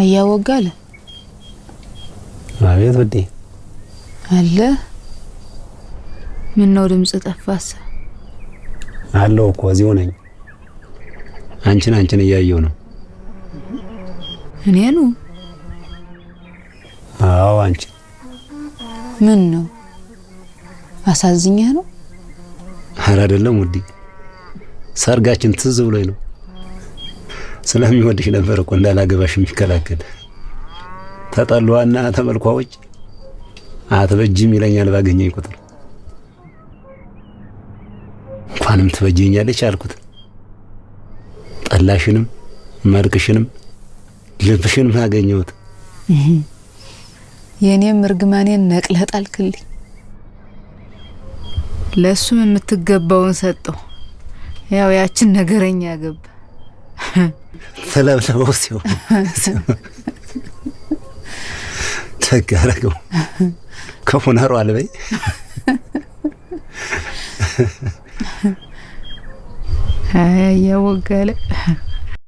አያወጋለ አለ። አቤት ውዴ። አለ ምን ነው ድምጽ ጠፋስ? አለው እኮ እዚሁ ነኝ። አንቺን አንቺን እያየው ነው። እኔኑ? አዎ አንቺ። ምን ነው አሳዝኝህ ነው? አረ አይደለም ውዴ፣ ሰርጋችን ትዝ ብሎኝ ነው። ስለሚወድሽ ነበር እኮ እንዳላገባሽ የሚከላከል ተጠሏና ተመልኳ ውጭ አትበጅም ይለኛል ባገኘኝ ቁጥር። እንኳንም ትበጅኛለች አልኩት። ጠላሽንም መልክሽንም ልብሽንም አገኘሁት። የእኔም እርግማኔን ነቅለህ ጣልክልኝ። ለእሱም የምትገባውን ሰጠው። ያው ያችን ነገረኛ ገባ። ተለብልበው ሲሆ ደግ ያደረገው አልበይ የወገለ